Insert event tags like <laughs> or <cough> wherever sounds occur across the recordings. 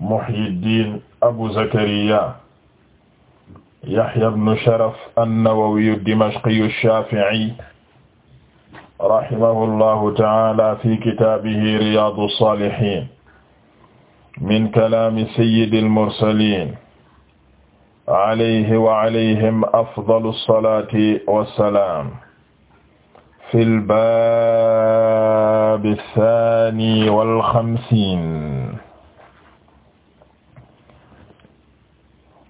Muhyiddin Abu Zakariya Yahya ibn Sharaf an-Nawawi ad-Dimashqi ash-Shafi'i rahimahullahu ta'ala fi kitaabihi Riyaadu as-Saalihiin min kalaami sayyidil mursaliin alayhi wa alayhim afdalu as-salaati was-salaam fil baabi ath-thaani wal-khamsiin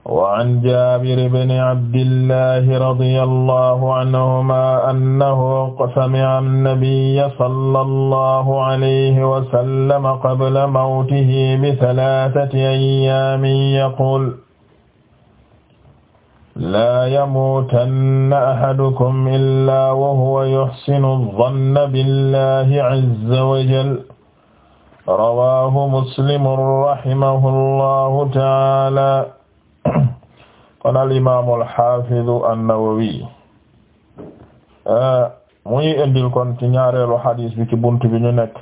وعن جابر بن عبد الله رضي الله عنهما أنه سمع النبي صلى الله عليه وسلم قبل موته بثلاثة أيام يقول لا يموتن أحدكم إلا وهو يحسن الظن بالله عز وجل رواه مسلم رحمه الله تعالى kon al imaamu al nawawi eh, muy indil kon ci ñaareelu xadiis bi ci bunt bi ñu nekk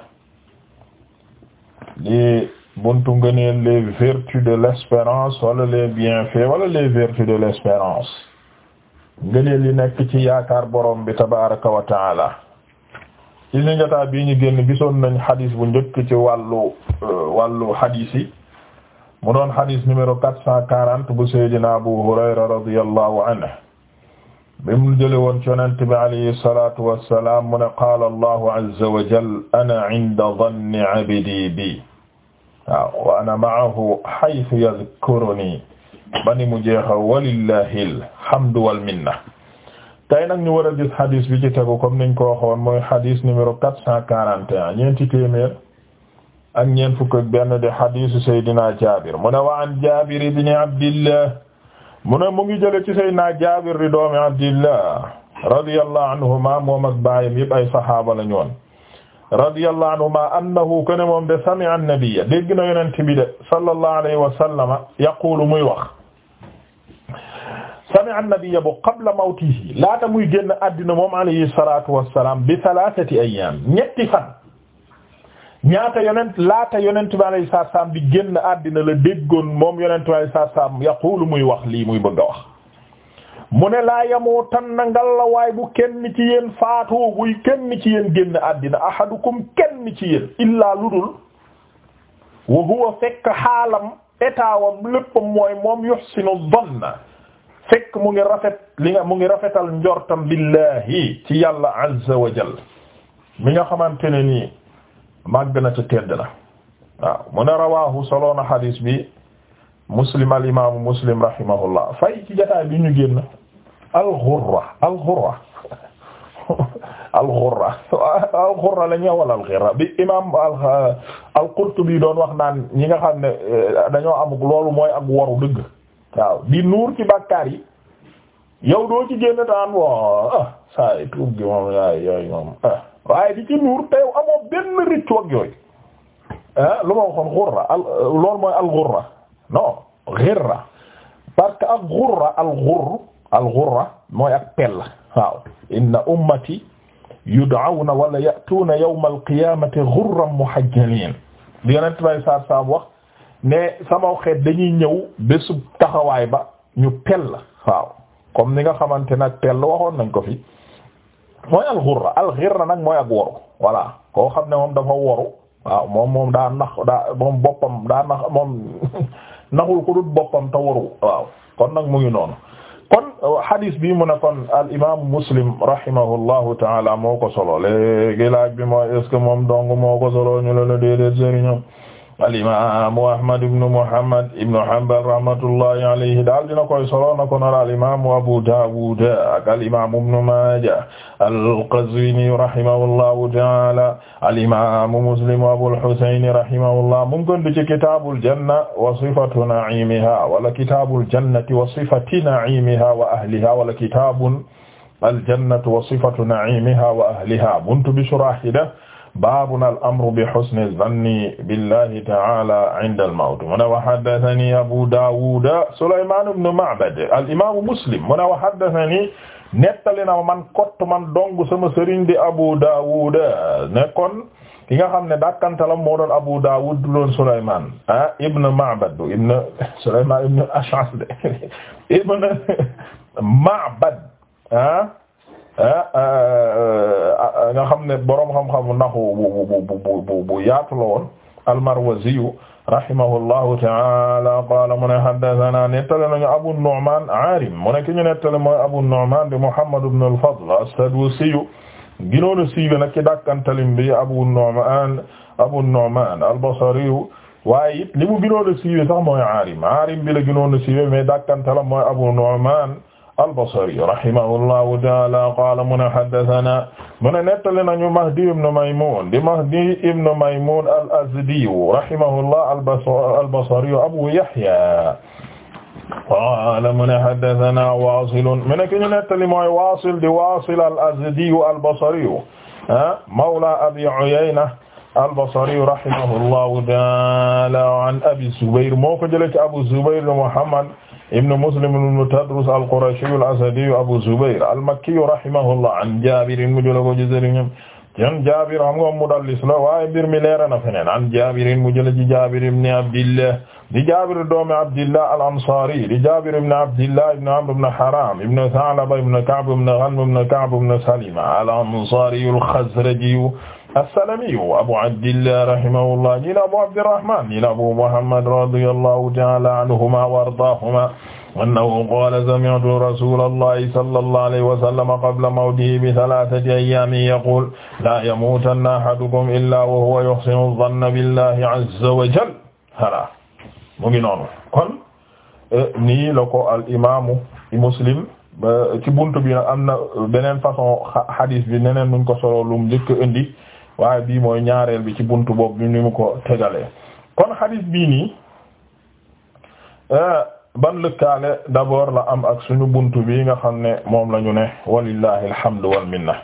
di buntu ngëneel les vertus de l'espérance wala les bienfaits wala les vertus de l'espérance ngëneel yi nekk ci yaakaar borom bi tabaraka wa taala ci li njataa bii ñu génn gisoon nañ xadiis bu njëkk ci wàllu eh, wàllu xadiis mu doon xadis numéro quatre cent quarante bu Seydina Abu Hurayra radiyallahu anhu bi mu jële woon ci Yonent bi alayhi salaatu wassalaam mu ne qaala Allahu azza wa jalla ana inda danni abdi bi waaw wa ana ma'ahu haythu yadhkuruni bani mu jeexa walillahi alhamdu wal minna tey nag ñu war a gis xadis bi ci tegu comme niñ ko waxoon mooy xadis numéro quatre cent quarante et un ñeenti téeméer ak ñeent fukk ak benn de hadisu Seydina Jaabir mu ne wa an Jaabir ibn Abdillah mu ne mu ngi jële ci Seydina Jaabir di doomi Abdillah radiyallahu anhuma moom ak baayam yëpp ay sahaaba la ñu woon radiyallahu anhuma annahu kana moom de sami'a an-nabiyya dégg na yonent bi de sallallahu alayhi wa sallama yaqulu muy wax sami'a an-nabiyya bu qabla mawtihi laata muy génn àddina moom alayhi salatu wassalam bi thalathati ayyam ñetti fan ñaata yonent laata yonent bi alayhi salaam bi génn àddina la déggoon moom yonent bi alayhi salaam yaqulu muy wax lii muy bëgg wax mu ne laa yamuutan na ngal la waay bu kenn ci yéen faatu buy kenn ci yéen génn àddina ahadukum kenn ci yéen illaa ludul wa huwa fekk xaalam étatwam léppam mooy moom yuhsinu dhanna fekk mu ngi rafet li nga mu ngi rafetal njortam billahi ci yàlla azza wa mi nga xamante màgg na ca tedd na waaw mu ne rawaahu soloona xadiis bi muslim al imaamu muslim rahimahullah fay ci jotaay bi ñu génn al-ghurra al-ghurra al-ghurra al-ghurra al-ghurra bi imaam al-Qurtubi doon wax naan ñi nga xam ne dañoo amuk loolu mooy ak waru dëgg waaw di ci bàkkaar yi yow ci génn daan wo saa yi tuub gi moom yaay yooyu moom waaye di ci nuur te yow amoo benn rëccu ak yooyu ah lu ma waxoon xurra al mooy al xurra non xirra parce que ak xurra al xurr al xurra mooy ak pell waaw inna ummati yud'awna wala ya'tuna yawma al qiyamati ghurran muhajjalin di yonent bay saar saam wax ne sama xeet dañuy ñëw bésub taxawaay ba ñu pell waaw comme ni nga xamante nag pell waxoon nañ ko fi mooy alxurra alxirra nag mooy ak woru voilà koo xam ne moom dafa woru waaw moom moom daa nax daa moom boppam daa nax moom <laughs> naxul ko dut boppam te woru waaw kon nag mu ngi noonu kon hadis euh, bi mu ne kon al imaamu muslim rahimahullahu taala moo ko solo léegi laaj bi mooy est moom dong moo ko solo ñu la la déedéet sëriñam al-imaamu Ahmad ibn Muhammad ibn Hanbal rahmatullahi alayhi daal dina koy solo na ko noonu al-imaamu Abu Daawud ak al-imaamu Ibn Maaja al-Qazwini rahimahullahu ta'aala al-imaamu Muslim Abul Husayn rahimahullah mu ngi ko indi ci kitaabul janna wa sifatu na'iimihaa wala kitaabul jannati wa sifati na'iimihaa wa ahlihaa wala kitaabul jannati wa sifatu na'iimihaa wa ahlihaa buntu bi shuraahihi baabuna al-amru bi husni zanni billahi ta'ala 'inda al-mawt mu ne wa haddathani Abu Dawud Sulaymaan ibn Ma'bad al-imaamu Muslim mu ne wa haddathani nettali na man kott man dong sama sëriñ di Abu Dawud nekkoon ki nga xam ne dakkantalam moo doon Abu Dawud du doon Sulaymaan ah ibn Ma'bad ibn Sulaymaan ibn Ash'ath <laughs> ibn Ma'bad ah Ah, ah, ah, nga xam ne boroom xam-xamu naxu bu bu bu bu yaatu la woon al-Marwaziyu rahimahullahu ta'ala qaala mu ne haddathana nettale nañu Abu Nu'man Aarim mu ne ki ñu nettale mooy Abu Nu'man di Muhammad ibn al-Fadl as-Sadusiyu ginoonu siiwe nag ci dakkantalim bi Abu Nu'man Abu Nu'man al-Basriyu waaye it li mu ginoonu siiwe sax mooy Aarim Aarim bi la ginoonu siiwe mais dakkantalam mooy Abu Nu'man al-Basri rahimahullahu ta'ala qaala mun a haddathana mun a nettali nañu Mahdi ibn Maymun di Mahdi ibn Maymun al-Azdi rahimahullah al-Basri Abu Yahya qaala mun a haddathana Waasil mun a ki ñu nettali mooy Waasil di Waasil al-Azdi al-Basri mawla Abi Uyayna al-Basri rahimahullahu ta'ala an Abi Zubayr moo ko jëlee ci Abu Zubayr Muhammad ibn Muslim ibn Tadrus al-Qurashiyu al-Asadiyu Abu Zubayr al-Makkiyu rahimahullah an Jaabir mu jële ko ci sëriñam yan Jaabir xam nga mudallis la waaye mbir mi leer na feneen an Jaabir mu jële ci Jaabir ibn Abdillah di Jaabir doomi Abdillah al-Ansaari di Jaabir ibn Abdillah ibn Amr ibn Haram ibn Tha'laba ibn Ka'b ibn Ghanm ibn Ka'b ibn Salima al-Ansaariyu al-Khazrajiyu as-Salamiyu abu abdillah rahimahullah ñi la abu abdirrahman ñi la abu muhammad radiyallahu ta'ala anhuma wa ardaahuma annahu qaala sami'tu rasuulallahi sallallahu alayhi wa sallam qabla mawtihi bi thalathati ayyaamin yaqulu laa yamuutanna ahadukum illaa wa huwa yuhsinu dhanna billahi azza wa jalla hala mu ngi noonu kon euh, nii la ko al imaamu Muslim ci buntu bi nag am na beneen façon hadis bi neneen nuñ ko solo lum njëkk indi waaye bii mooy ñaareel bi ci buntu boobu ni mu ko tegalee kon xadis bii nii euh, ban lëkkaale d'abord la am ak suñu buntu bi nga xam ne moom la ñu ne walillahi alhamdu wal minna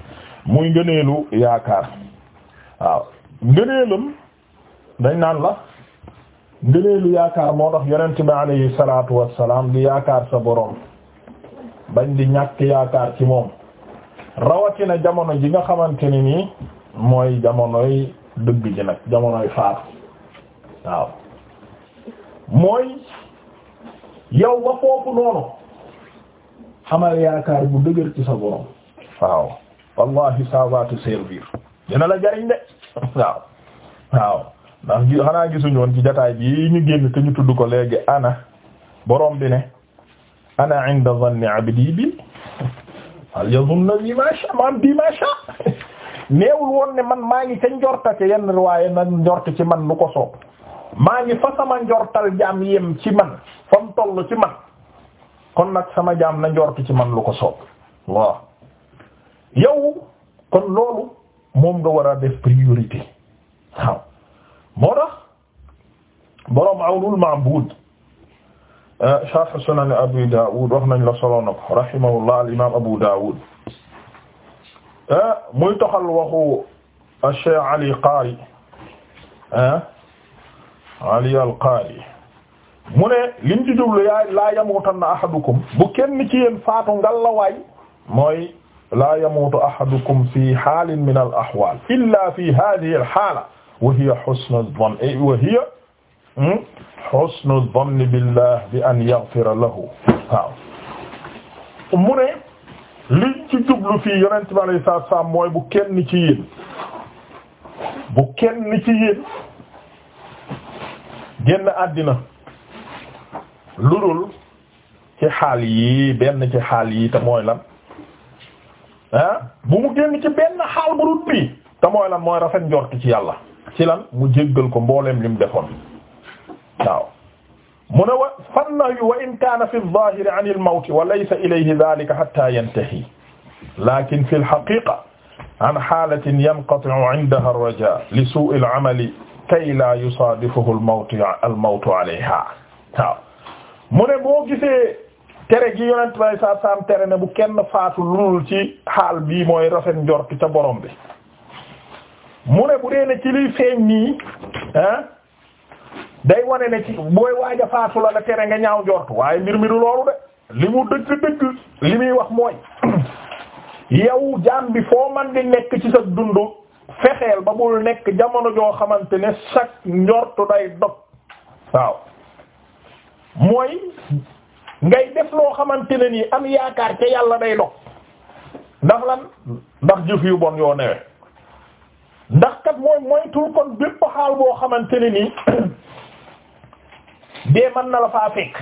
muy ngëneelu yaakaar waaw ngëneelam dañ naan la ngëneelu yaakaar moo tax yonent bi alayhi salaatu wassalaam di yaakaar sa boroom bañ di ñàkk yaakaar ci moom rawatina jamono ji nga xamante ne nii mooy jamonoy dëgg ji nag jamonoy faatu waaw mooy yow ba foofu noonu amal yaakaar bu dëgër ci sa borom waaw wallahi ça va te servir dina la jariñ de <laughs> waaw waaw ndax gi xanaa gisuñu woon ci jotaay bi ñu génn te ñu tudd ko léegi ana borom bi ana inda zanni abdi bi <laughs> al yazunna bi ma sha ma <laughs> neewul woon ne man maa ngi ca njorta ca yenn riwaaye na njort ci man nu ko soob maa ngi fa sama njortal jaam yem ci man fa mu toll ci man kon nag sama jaam na njort ci man lu ko soob waaw yow kon loolu moom nga war a def priorité waaw moo tax boroom Awnul Ma'bud ah, sharh Sunan Abi Dawud wax nañ la solo na ko al imam Abu Dawud Eh, muy toxal waxu Cheikh Ali Qaari ah eh, Ali al-Qaari mu ne lim ci jublu yaa laa yamuutanna ahadukum bu kenn ci yéen faatu ngal la waay mooy laa yamuutu ahadukum fi xaalin min al ahwaal illa fi haadihi al xaala wa hiya husnu dhanni eh, wa hiya hmm, husnu dhanni billah bi an yaghfira lahu waaw mu ne li ci jublu fii yonent bi alayhi salaatu salaam mooy bu kenn ci yéen bu kenn ci yéen génn àddina lu dul ci xaal yi benn ci xaal yi te mooy lan ah bu mu génn ci benn xaal bu dul bii te mooy lan mooy rafet njort ci yàlla ci lan mu jéggal ko mbooleem li mu defoon waaw mu ne wa fan nahyu wa in kaana fi lzahiri an ilmawti wa laysa ilayhi dalika xatta yantahi lakin fi lxaqiqa an xaalatin yanqatiu indaha arraja li suui alamali kay laa yusaadifuhu almawtu almawtu alayha waaw mu ne boo gisee tere gi yonent bay saa saam tere ne bu kenn faatu lunul ci xaal bii mooy rafet njort ca borom bi mu ne bu dee ne ci liy feeñ nii ah day wane na ci booy waaj a faatu la la tere nga ñaaw jortu waaye mbir mi loolu de li mu dëgg dëgg li muy wax mooy <clears throat> yow jaam bi foo man di nekk ci sa dund fexeel ba bul nekk jamono joo xamante ne chaque njortu day dog waaw mooy ngay def loo xamante ne nii am yaakaar ca yàlla day dog ndax lan ndax jëf yu bon yoo newe ndax kat mooy moytul kon bépp xaal boo xamante ne nii <clears throat> dee mën na la faa fekk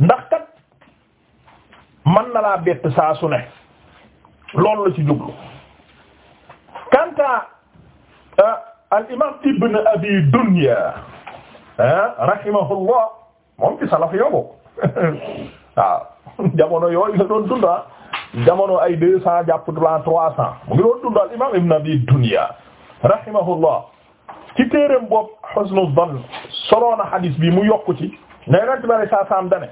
ndax kat mën na laa bett saa su ne loolu la ci jublu kanta al imam ibn abi dunya rahimahullah moom ci salaf yobbo waaw jamono yooyu la doon dunda jamono ay deux cent jàpp la trois cent mu ngi doon dunda al ibn abi dunya rahimahullah ci téereem bopp husnul dhann soloona xadiis bi mu yokku ci ne yonent bi alayhi salaam dane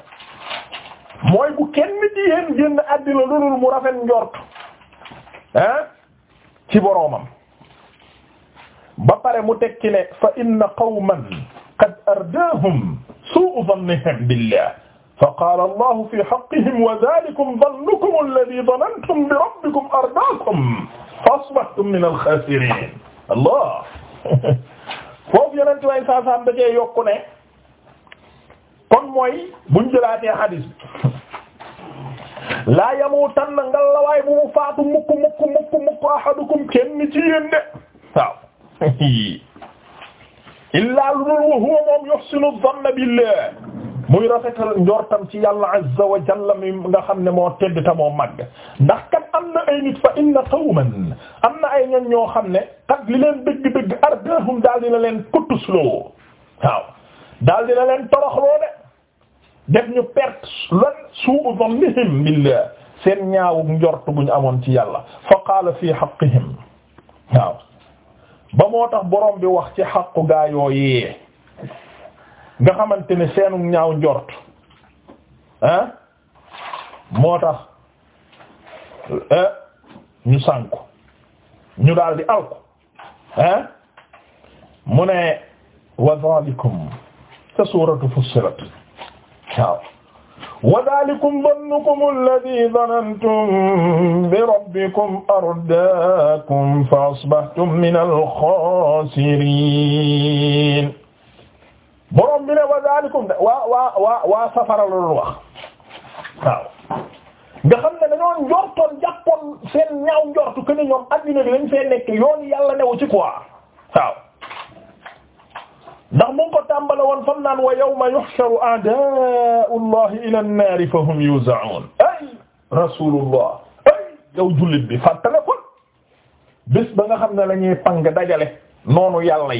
mooy bu kenn ci yéen génn àddina lu dul mu rafet njort ah ci boroomam ba pare mu tekki ne fa inna qawman qad ardaahum su'u dhannihim billah fa qaala allahu fi haqqihim wa dhalikum dhannukum alladhi dhanantum bi rabbikum ardaakum fa asbahtum min al-khasirin allah <laughs> foofu yonent way saasaam da cee yokku ne kon mooy buñ jëlaatee hadis bi <laughs> laa yamuutan na ngalawaay bu mu faatu mukk mukk mukk mukk ahadukum kenn ci de <laughs> illaa lu dul wa huwa moom yuhsinu dhanna billah muy rafetal njortam ci yàlla azza wa jalla mi nga xam ne moo tedd ta moo màgg ndax kat am na ay nit fa inna qawman am na ay ñoñ ñoo xam ne kat li leen dëgg-dëgg ardahum daal dina leen kuttusloo waaw daal dina leen toroxloo de def ñu perte lan su'u dhannihim billah seen ñaawum njort buñ amoon ci yàlla fa qaala fi haqqihim waaw ba moo tax borom bi wax ci xaqu gaa yooyee nga xamante ne seenu ñaaw njort ah moo tax ñu sànku ñu daal di alku ah mu ne wa dhalikum te suratu fussilat waaw wa dhalikum dhannukum alladhi dhanantum bi rabbikum ardaakum fa asbahtum min al-khasirin borom bi ne wa waa waa waa waa safara la doon wax waaw nga xam ne dañoo njortoon jàppoon seen ñaaw njortu que ne ñoom adduna bi lañ fee nekk yoon yàlla newu ci quoi waaw ndax mu ngi ko tàmbale woon fam naan wa yawma yuhsharu a'da'u llahi ila an-nar fa hum yuz'un ay rasulullah ay yow jullit bi fàttale ko bés ba nga xam ne la ñuy pang dajale noonu yàlla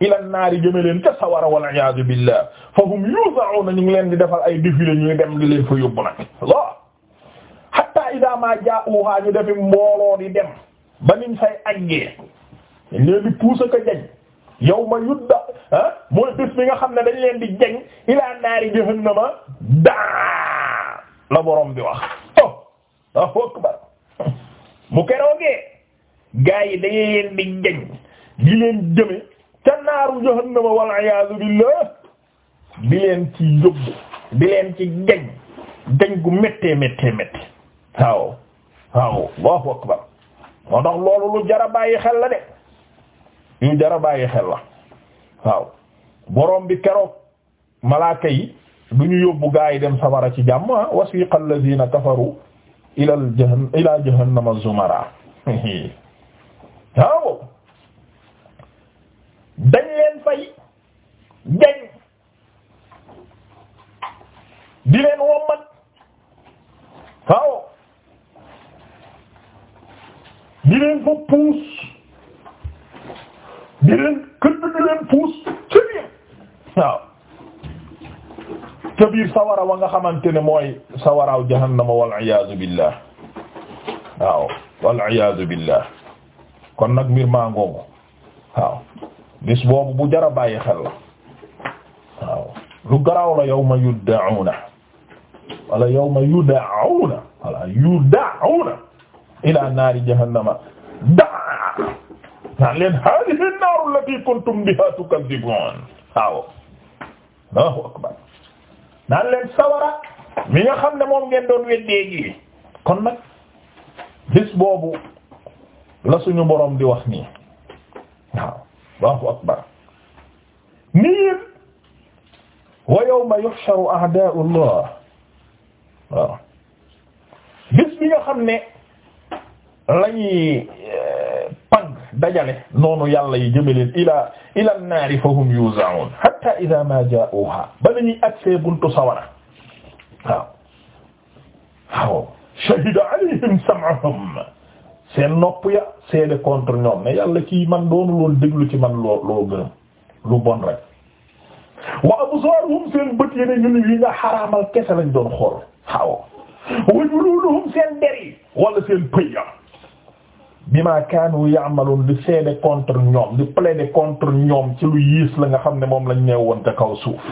ila naari jëme leen ca sawara wal iyaadu billah fa hum yuzauna ñu ngi leen di defal ay défilé ñuy dem di leen fa yóbbu nag lool hatta ida ma jaa'uha ñu defi mbooloo di dem ba niñ fay aggee leen di puus ak a jañ yawma yudda ah mooy bés bi nga xam ne dañ leen di jañ ila naari jahannama daa la borom bi wax oh ah akbar mu <laughs> keroogee gaa yi dañu leen di jañ di leen jëme te naaru jahannama wal iyaadu ci yóbbu di gu méttee méttee méttee waaw waaw akbar moo tax loolu lu jara bàyyi xel la de lu jara bàyyi xel la waaw borom bi keroog malaaka yi du ñu yóbbu gaa yi dem safara ci jàmm ah, wasiqa alladhina kafaru ila jahan ila jahannama zumara <laughs> waaw dañ leen wommat waaw di leen fa puus di leen këdd di leen puus ci biir waaw ca biir sawara wa nga xamante ne mooy sawaraaw jahannama wal iyaazu billah waaw wal iyaazu billah kon nag mbir maa ngoogu bis boobu bu jara bàyyi xel la waaw lu garaaw la yawma yud'auna wala yawma yud'auna wala yud'auna ila naari jahannama daa naan leen hadihi an-naaru allati kuntum biha tukadhibun waaw Allahu akbar naan leen sawara mi nga xam ne moom ngeen doon weddee gi kon nag bis boobu la suñu borom di wax nii waaw Allahu akbar nii wa yawma yuhsharu a'daa'u Allah waaw bis bi nga xam ne lañuy euh, pang dajale noonu yàlla yi jëmaleen ila ila an-naari fa hum yuuza'uun hatta idhaa maa jaa'uuhaa ba lañuy agsee buntu sawara waaw waaw shahida alayhim sam'uhum seen nopp ya seede contre ñoom ne yàlla kii man doonu loolu déglu ci man loo loo gërëm lu bon rek wa absaaruhum seen bët yi ñun yi nga xaraamal kese lañ doon xool waaw wa juluuduhum seen der yi wala seen pëy ya bima kaanu ya'malun di seede contre ñoom di plaider contre ñoom ci lu yiis la nga xam ne moom lañ neewoon ca kaw suuf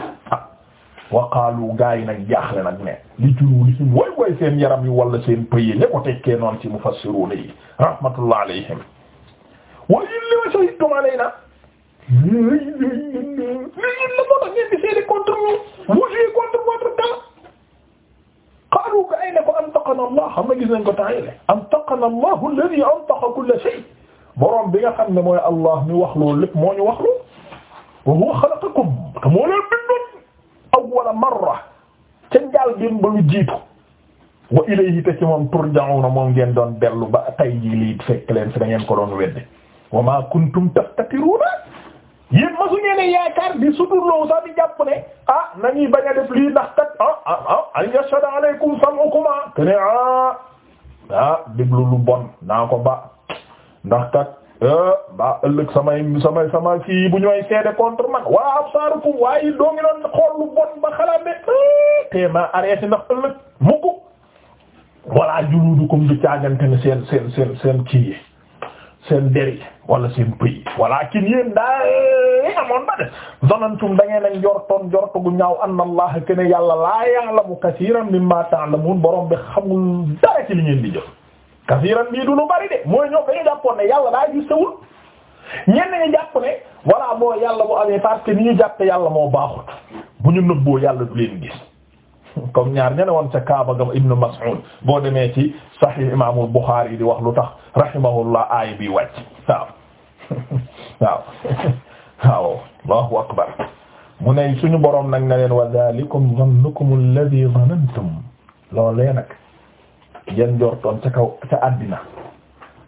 waqaalu gaa yi nag jaaxle nag ne li juruulihim way way seen yaram yi wala seen pëyi ña ko tekkee noonu ci mufassiruuna yi rahmatullah alayhim wa in lima shahidtum alayna li ñun la moo tax ngeen di seede contre nous vous jouez contre votre temps qaalu gaa yi ne ko antaqana allah xam nga gis nañ ko taayile antaqana allah alladhi antaqa kulla shay borom bi nga xam ne mooy allah mi wax loolu lépp moo ñu wax loolu wa huwa xalaqakum te moo leen bindoon awwala marra ca njaal gén lu jiitu wa ilayhi te moom turja'una moom ngeen doon dellu ba tay jii fekk leen fi da ngeen ko doon wedde wa ma kuntum taftatiruna yéen ma su ngeen yaakaar di suturloo sax di ah nañuy bañ a def lii ndax ah ah ah ah. ah ah déglu lu bon naa ko ba ndax Eh, ba ëllëg samay samay sama kii bu ñu may seede contre man wala absaarukum waaye doo ngi doon xool lu bon ba xalaat ne eh, tee ma ëllëg mukk wala juludukum du caagante seen seen seen seen kii seen deri wala seen pëy wala kin yéen daa eh, amoon ba de zonantum da ngeen a njortoon njortu ñaaw anna allah kene yàlla laa ya'lamu kasiiran mimma ta'lamun borom bi xamul dara ci li ngeen di jëf kasiiran bii du lu bari de mooy ñoo dañu jàppoon ne yàlla daa gis sawul ñenn ñi jàpp ne voilà moo yàlla bu amee parce que ni ñu jàppe yàlla moo baaxut bu ñu nëbboo yàlla du leen gis <laughs> comme ñaar ñene woon ca Kaaba gam Ibn Mas'ud boo demee ci Sahih Imam Bukhari di wax lu tax rahimahullah aay bi wàcc waaw <laughs> waaw <laughs> waaw Allahu akbar mu ne suñu boroom nag na leen wa dhalikum dhannukum alladhi dhanantum loolee nag ngeen jortoon ca kaw ca àddina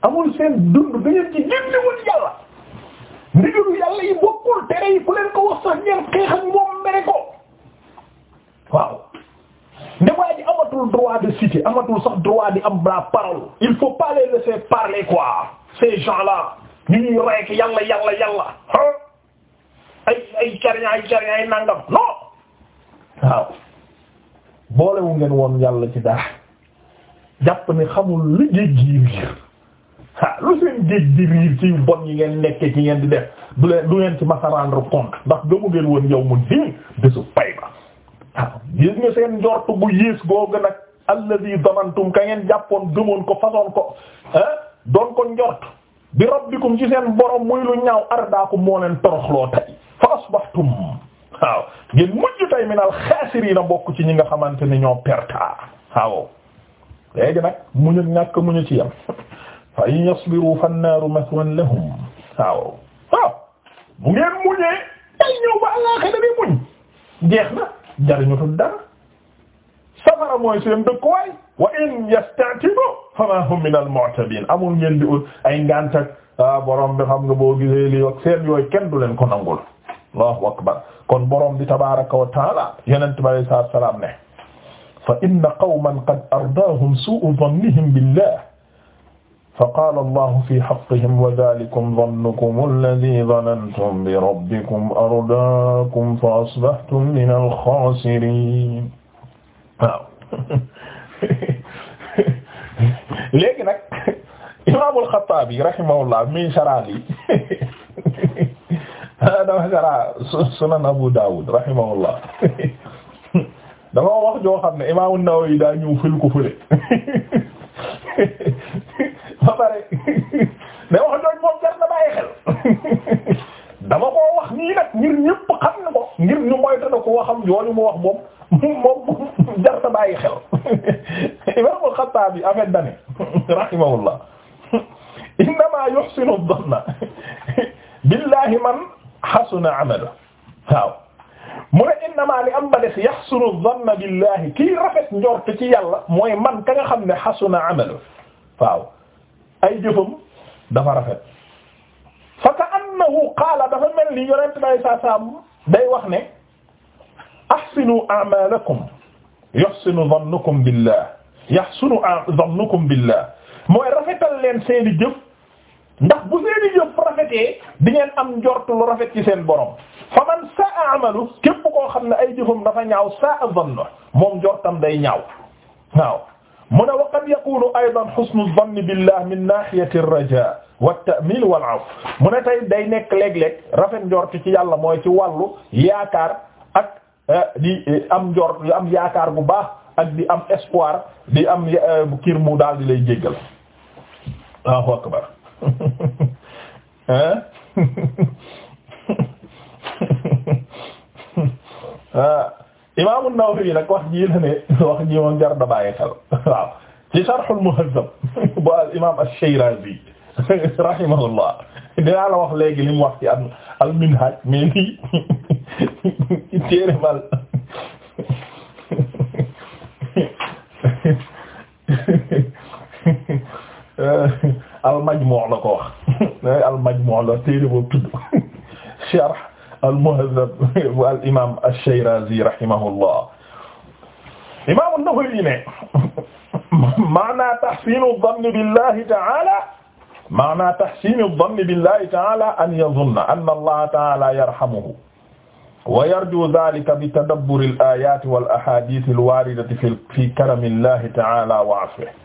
amul seen dund da ngeen ci génnewul yàlla ndigalu yàlla yi bokkul tere yi ku leen ko wax sax ngeen xeex ak moom mere ko waaw ndewaa ji amatul droit de cité amatul sax droit di am la parole il faut pas les laisser parler quoi ces gens-là ñu rek yàlla yàlla yàlla ah ay ay carña ay ay nangam non waaw boolewu ngeen woon yàlla ci dara jàpp ne xamul lu géej gi riir lu seen géej di riir ci bon yi ngeen nekke ci ngeen di def du leen du ngeen ci masa rendre compte ndax gëmu ngeen woon yow mu dii bésu pay ba waaw gis nga seen njort bu yées googu nag alladi damantum ka ngeen jàppoon gëmoon ko façoon ko ah doon ko njort bi rabbikum ci seen borom muy lu ñaaw ardaakum moo leen toroxloo tay fa asbahtum waaw ngeen mujj tay minal xaasiriina bokk ci ñi nga xamante ne ñoo perta waaw léegi nag muñu ñàkk muñu ci yam fa in yasbiru fannaaru mathwan lahum waaw waaw bu ngeen muñee day ñëw ba àllaaxira bi muñ jeex na jariñutul dara safara mooy seen dëkkuwaay wa in yasta'tibu fama hum min al amul ngeen di ut ay ngantak ah, borom bi xam nga boo gisee lii ak seen yooyu kenn du leen ko nangul allahu akbar kon borom bi tabaaraka wa taala yonent bi salaam ne fa inna qawman qad ardaahum su'u dannihim billah فقال الله في حقهم وذلكم ظنكم الذي ظننتم بربكم أرداكم فأصبحتم من الخاسرين waaw <laughs> léegi nag Imaam al-Xattaabi rahimahullah mi sarax yi <laughs> dafa sarax Sunan Abu Daawud rahimahullah <laughs> dafa wax joo xam ne Imaamu Nawawi daa ñëw fël ko fële ba pare mais wax jooju moom jar na bàyyi xel dama koo wax nii nag ngir ñëpp xam na ko ngir ñu moyta na ko waxam jooju mu wax moom moom jar na bàyyi xel Imaamul Xattaabi afet dane rahimahullah innama yuhsinu dhanna billahi man hasuna amala waaw mu ne innamaa li am ba des yaxsunu zanna billahi kii rafet njort ci yàlla mooy man ka nga xam ne xasuna amalu waaw ay jëfam dafa rafet fa ka annahu qaala dafa mel ni yonent bay saa saam day wax ne ahsinu a'maalakum yaxsinu zannukum billah yaxsunu zannukum billah mooy rafetal leen seeni jëf ndax bu seeni jëf rafetee di ngeen am njort lu rafet ci seen borom fa man saa amalu képp koo xam ne ay jëfam dafa ñaaw saa zanna moom njortam day ñaaw waaw mu ne wa qad yakunu aydan husnu zanni billah min nahiyati ar-raja wa at-ta'min wal 'af mu ne tay day nekk léeg-léeg rafet njort ci yàlla mooy ci wàllu yaakaar ak eh, di eh, am njort am yaakaar bu baax ak di am espoir di am eh, kir mu daal di lay jéggal Allahu akbar <laughs> <laughs> Ah, imaam An-Nawawi nag wax ji la ne wax ji moom jar na bàyyi xel waaw ci Sharhul Muhazzab bu al-Imaam Ash-Shirazi rahimahullah dinaa la wax léegi li mu wax ci al-Minhaj mais lii téere mal <laughs> al majmu' la ko wax <laughs> al majmu' la téere boobu tudd <laughs> sharh al muhazzab bu al imaam ash-Shirazi rahimahullah imaam an-Nawawi ne <laughs> maana tahsin ad-dhann billahi ta'ala maana tahsin ad-dhann billahi ta'ala an yadhunna anna Allah ta'ala yarhamuhu wa yarju dhalika bi tadabbur al-ayat wal ahadith al-waridati fi karami Allah ta'ala wa 'afwihi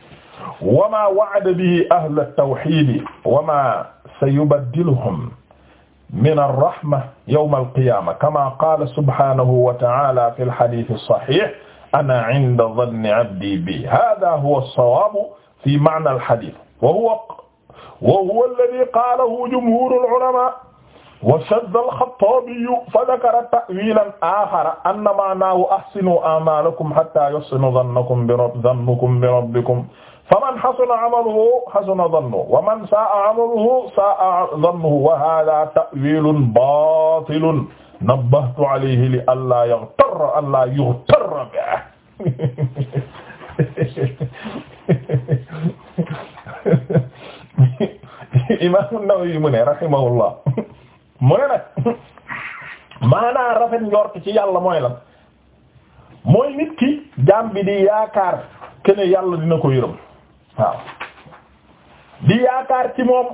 wa maa wa'ada bihi ahla at-tawhiid wa maa sayubaddiluhum min ar-rahma yawma al-qiyaama kamaa qaala subhaanahu wa ta'aalaa fil hadiith as-sahiih ana 'inda dhanni 'abdii bii haadaa huwa as-sawaabu fii ma'naa al-hadiith wa huwa wa huwa alladhii qaalahu jumhuur al-'ulamaa' wa shadda al-Khattaabi fa dhakara ta'wiilan aakhara anna ma'naahu ahsinuu a'maalakum hattaa yuhsina dhannukum bi rabbikum fa man xasuna amaluhu xasuna dannuhu wa man saa amaluhu saa dannuhu wa haaza ta'wiilun baatilun nabbahtu alayhi li allaa yaghtarra allaa yughtarra bihi Imaam An-Nawawi mu ne rahimahullah mu ne nag maanaa rafet njort ci yàlla mooy lan mooy nit ki jaam bi di yaakaar kenn yàlla dina ko yërëm waaw di yaakaar ci moom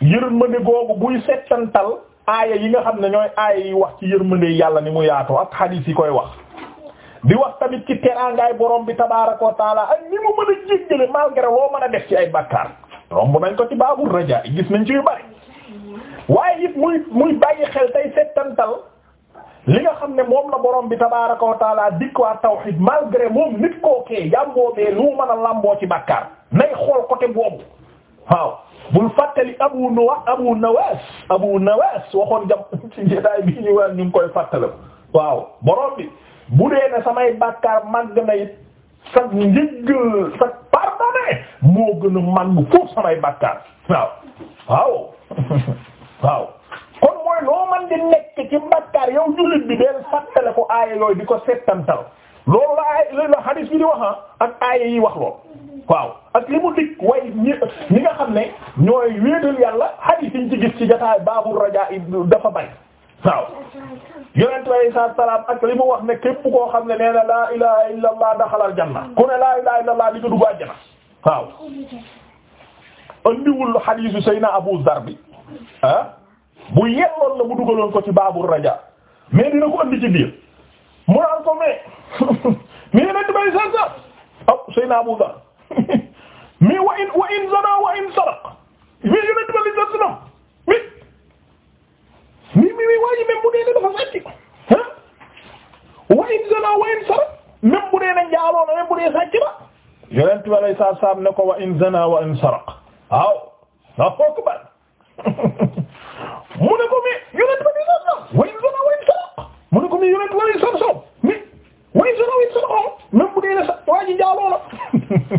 yërmande googu buy settantal aaya yi nga xam ne ñooy aaya yi wax ci yërmande yàlla ni mu yaatoo ak xadiis yi koy wax di wax tamit ci teraangaay borom bi tabaaraka wa taala ak ni mu mën a jéggale malgré loo mën a def ci ay bàkkaar romb nañ ko ci baabul rajaa gis nañ ci yu bari waaye it muy muy bàyyi xel tey settantal li nga xam ne moom la boroom bi tabaaraka wa taala dikk waa tawxiid malgré moom nit koo kee jàmboobee lu mën lamboo ci bàkkaar nay xool côté boobu waaw bul fàttali abu nuwa abu nawaas abu nawaas waxoon jam <laughs> ci jotaay bi ñu war ñu ngi koy fàttali waaw borom bi bu dee ne samay bàkkaar màgg na sa njëggal sa pardonné moo gën a màgg foofu samay bàkkaar waaw waaw <laughs> waaw kon mooy loo man di nekk ci bakkaar yow jullit bi deel fàttale ko aaya yooyu di ko settantal loolu la aay la hadis bi di wax ak aaya yi wax lool waaw ak li mu dikk way ñi nga xam ne ñooy wéetal yàlla hadis yi ñu ci gis ci jotaay baabul dafa bay waaw yonent bi saa salaam ak li mu wax ne képp koo xam ne nee na laa ilaaha illallah daxalal janna ku ne laa ilaaha illallah li nga dugg àjjana waaw andiwul hadisu Seyna Abu Zarr ah. bu yelloon la mu dugaloon ko ci baabul raja mais dina ko andi ci biir mu naan ko mais <laughs> mais nag damay sànqal ah Seydina Abu Dar <laughs> mais wa in wa in zana wa in saraq mi mi mi waa ji bu dee ne dafa sàcc ah wa in zana wa in saraq même bu dee ne njaaloo na bu dee sàcc na yonent bi alayhi salaam ne ko wa in zana wa in saraq waaw waaw kooku ban. mu ne ko mi yonent ba mi sam-sam wayn sana wayn sadaq mu ne ko mi mi wayn sana wayn sadaq même bu dee sa waa ji njaaloo <laughs>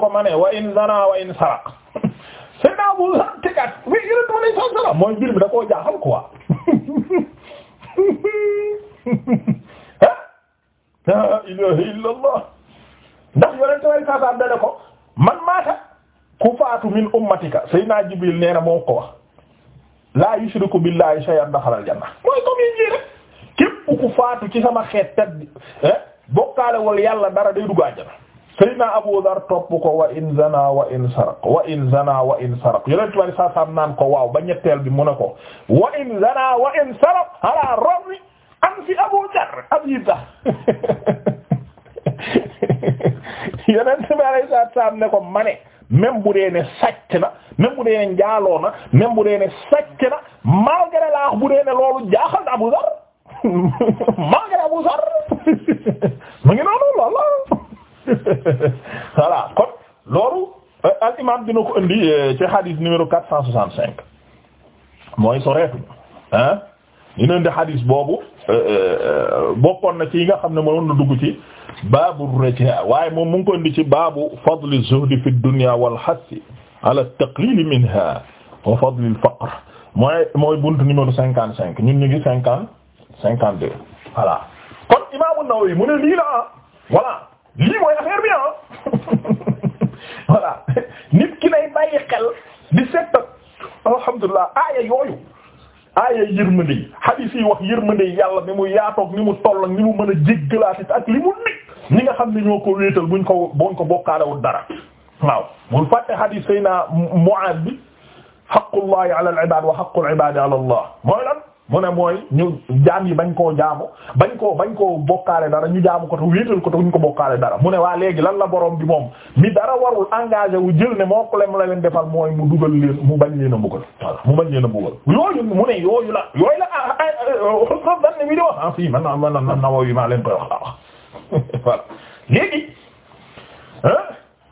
ko ma <laughs> wa in zana wa in saraq c'est naa bu sa tegaat mi yonent walay sam-sam mooy mbir mi da koo jaaxal quoi <laughs> ah! la ilaha illallah ndax yonent way sasam dane ko man maata ku min ummatika Seydina Jibril nee na moo ko laa yushriku billahi shay'an daxala aljanna mooy comme yéen ñii rek képp ku faatu ci eh, bokkaale wal yàlla dara day dugg àjjana Seydina Abu Dar topp ko wa in zana wa in saraq wa in zana wa in ko waaw ba ñetteel bi mu ne ko wa in zana wa in saraq ala rabbi an fi Abu Dar abi Dar yeneen tubaab yi saa ne ko mane même bu dee ne sàcc na même bu dee ne njaaloo na même bu dee ne sàcc na malgré la bu dee ne loolu jaaxal na Abu Zar <laughs> malgré Abu Zar <laughs> mu ngi noonu loolu <laughs> kon loolu euh, al imam dina ko indi euh, ci hadith numéro quatre cent soixante cinq mooy soreetuñu ah dina indi hadith boobu Euh, euh, euh, bokkoon na ci yi nga xam ne mënoon na dugg ci baabu rajaa waaye moom mu ngi ko indi ci baabu fadli zuhdi fi dunya wal hassi ala taqlil minha wa fadli al faqr mooy mooy buntu numéro cinquante cinq ñun ñu ngi cinquante cinquante deux voilà kon imaamu Nawawi mu ne lii la ah voilà lii mooy affaire bi ah <laughs> voilà <laughs> nit ki lay bàyyi xel di seet alhamdulillah aaya yooyu aaya yërmande yi hadis yi wax yërmande yi yàlla ni mu yaatoog ni mu toll ak ni mu mën a jéggalaati ak li mu nit ñi nga xam ne ñoo ko wéetal buñ ko buñ ko bokkaalewul dara waaw bul fàtte hadis mu Muaaz bi haqqullahi ala al wax wa haqqul ibaadi ala Allah mooy lan mu ne mooy ñu jaam yi bañ koo jaamu bañ koo bañ koo bokkaale dara ñu jaamu ko te wéetal ko to ñu ko bokkaale dara mu ne waa léegi lan la borom bi moom mi dara warul engagé wu jël ne moo ko lem la leen defal mooy mu dugal leen mu bañ leen a mbugal voilà mu bañ leen a mbugal yooyu mu ne yooyu la yooyu la xusna dann mi wax fii man na man nawo yi maa leen koy wax voilà léegi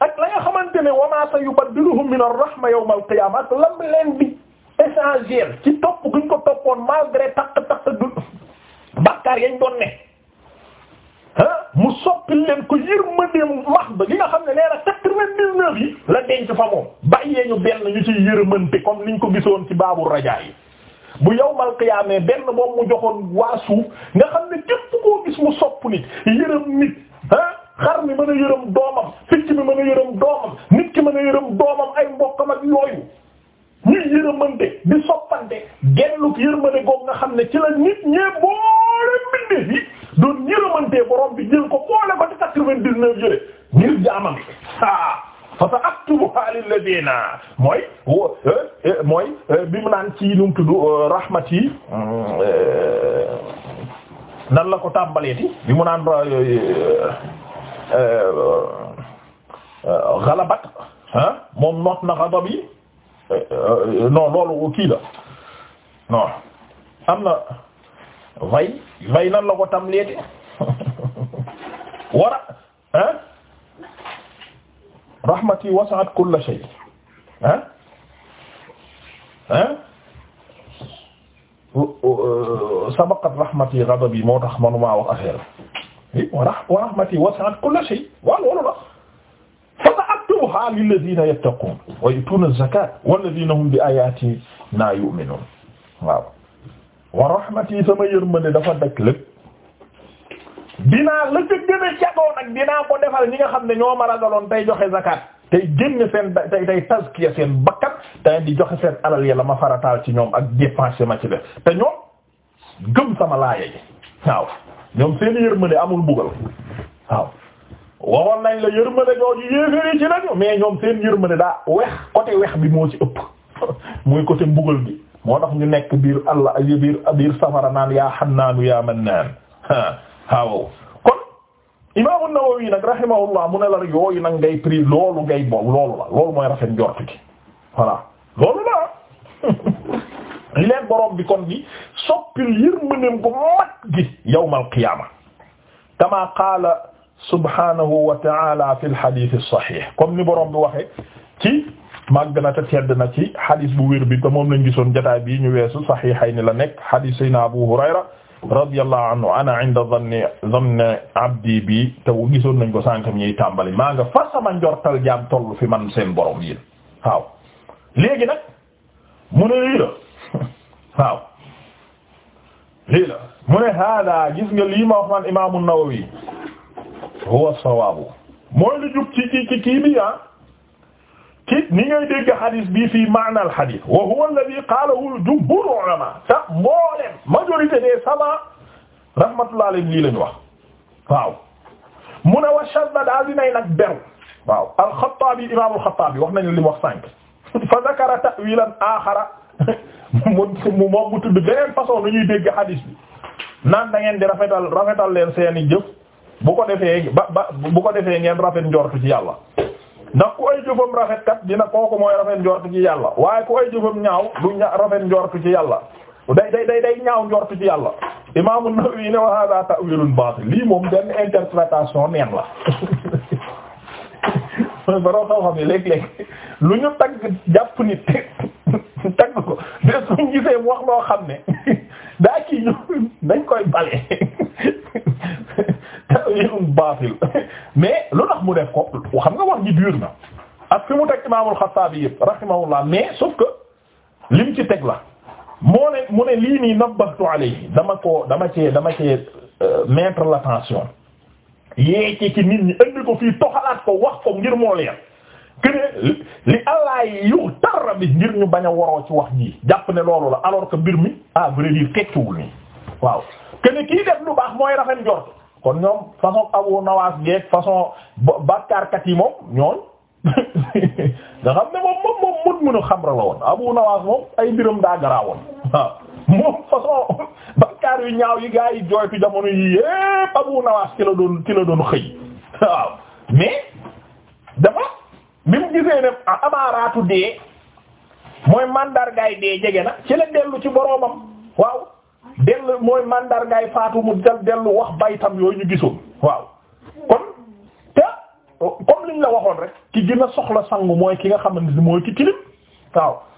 ak la nga xamante ne wa ma sayubaddiluhum min ar-rahma yawm al-qiyamah lam leen di échanger toppoon malgré takk takk bakkaar yañ doon ne ah mu soppi leen ko yërmandeem max ba li nga xam ne nee na quatre-vingt-dix-neuf yi la denc fa moom bàyyee ñu benn ñu ciy yërmante comme niñ ko gisoon ci baabu rajaa yi bu yawmal qiyaamee benn moom mu joxoon waa suuf nga xam ne képp koo gis mu sopp nit yërëm nit ah xar mi mën a yërëm doomam picc mi mën a yërëm doomam nit ki mën a yërëm doomam ay mbokkam ak yooyu ñuy yërëmante di soppante gennuk yërmande goog nga xam ne ci la nit ñee boole mbindeef yi doon yërëmantee borom bi jël ko boole ko ci quatre vingt dix ngir jaamam ah fa sa aktubuha lilladina mooy eh, eh, mooy eh, bi mu naan ci nu mu tudd rahmat nan la ko tàmbaleeti bi mu naan galabat ah moom noot na ghadab Euh, non loolu kii la non am na vay vay nan la ko tam leete <laughs> wara ah rahmati wasi'at kulla shay ah ah sabaqat rahmati ghadabi moo tax manumaa wax affaire wa rahmati wasi'at kulla shay waaw loolu la yawmuha lilladhina yattaqun wa yu'tuna az-zakata walladhina hum bi ayatina yu'minun waaw wa rahmati sama yërmande dafa daj lépp dinaa la ca gën a jagoo nag dinaa ko defal ni nga xam ne ñoo ma ragaloon tey joxe zakat tay génn seen tey tey tazkiya seen bakkat tey di joxe seen alal yàlla ma farataal ci ñoom ak dépenser ma ci def te ñoom gëm sama laaya yi waaw ñoom seen yërmande amul mbugal waaw waxoon nañ la yërmande jooju yéeféri ci lañu mais ñoom seen yërmande daa wex côté wex bi moo ci ëpp <laughs> muy côté mbugal bi moo tax ñu nekk biir allah biir biir safara naan yaa xannaanu yaa mannaan waaw kon imaamu Nawawi nag rahimahullah mu ne la yooyu nag ngay prix loolu ngay boobu loolu la loolu mooy rafet njort gi voilà loolu la <laughs> li leen bi kon gi soppil yërmandeem ko mat gi yawmal qiyaama kama qaala subhanahu wa ta'ala fi al-hadith as-sahih comme ni borom bi waxee ci màgg na te tedd na ci hadith bu wér bi te moom lañ gisoon jotaay bii ñu weesu sahihayn la nekk hadith sayna Abu Hurayra radiyallahu anhu ana inda dhanni dhanni abdi bi te gisoon nañ ko sànq ñuy tàmbali maa nga fa sama njortal jaam tollu fi man seen borom yéen waaw léegi nag mu ne lii la <laughs> waaw lii la mu ne hada gis nga lii ma wax man Imaamu Nawawi huwa sawaabu mooy lu jub ci ci ci kii bi ah ki ni ngay dégg xadis bii fii maanaal xadis wa huwa alladhi qaalahu jumhuur ulama te mbooleem majorité des savants rahmatullah alayhi lii lañu wax waaw mu ne wa shadda daal dinay nag beru waaw al-Xattaabi imaam al-Xattaabi wax nañu li mu wax sànq <laughs> fa zakara ta'wiilan aaxara <laughs> mu mu moom mu tudd beneen façon lu ñuy dégg xadis bi naan da ngeen di rafetal rafetal leen seeni jëf bu ko defee ba ba bu ko defee ngeen rafet njortu ci yàlla ndax ku ay jëfam rafet kat dina kooku mooy rafet njortu ci yàlla waaye ku ay jëfam ñaaw du ña rafet njortu ci yàlla day day day day ñaaw njortu ci yàlla Imaamu Nawawi ne wa hada ta'wilun baatil lii moom benn interprétation neen la baroo xaw xam ne léeg-léeg lu ñu tagg jàpp nit tagg ko de suñ gisee wax loo xam ne <laughs> daa kii ñu dañ koy bale baatil mais lu tax mu def ko xam nga wax ji dur na ak fi mu teg imaamul Xattaabi yëpp rahimahullah mais sauf que lim ci teg la moo ne mu ne lii nii nabbahtu alayhi dama koo dama cee dama ci euh, mettre l'attention yee ci ci nit ñi indi ko fii toxalaat ko wax ko ngir moo leen kene li allah yi yu bi ngir ñu bañ a waroo ci wax ji jàpp ne loolu la alors que mbir mi à vrai dire waaw kene kii def lu baax mooy rafet njort kon ñoom façon Abu Nawaas geek façon bakkaarkat yi moom ñoon <laughs> nga xam ne moom moom moom mut mënu xamra la woon Abu Nawaas moom ay mbiram daa garaawoon <laughs> waaw moom façon <laughs> bakkaar yu ñaaw yi gaa yi jooytu jamono yi yépp Abu Nawaas ci la doon ci la doon xëy waaw mais dafa bi gisee ne amaaraatu dee mooy mandargaay dee jege na ci la dellu ci boroomam waaw dellu mooy mandargaay faatu mu del dellu wax baytam yooyu ñu gisoon waaw kon te comme liñ la waxoon rek ki gën a soxla sangu mooy ki nga xamante ni mooy ki tilim waaw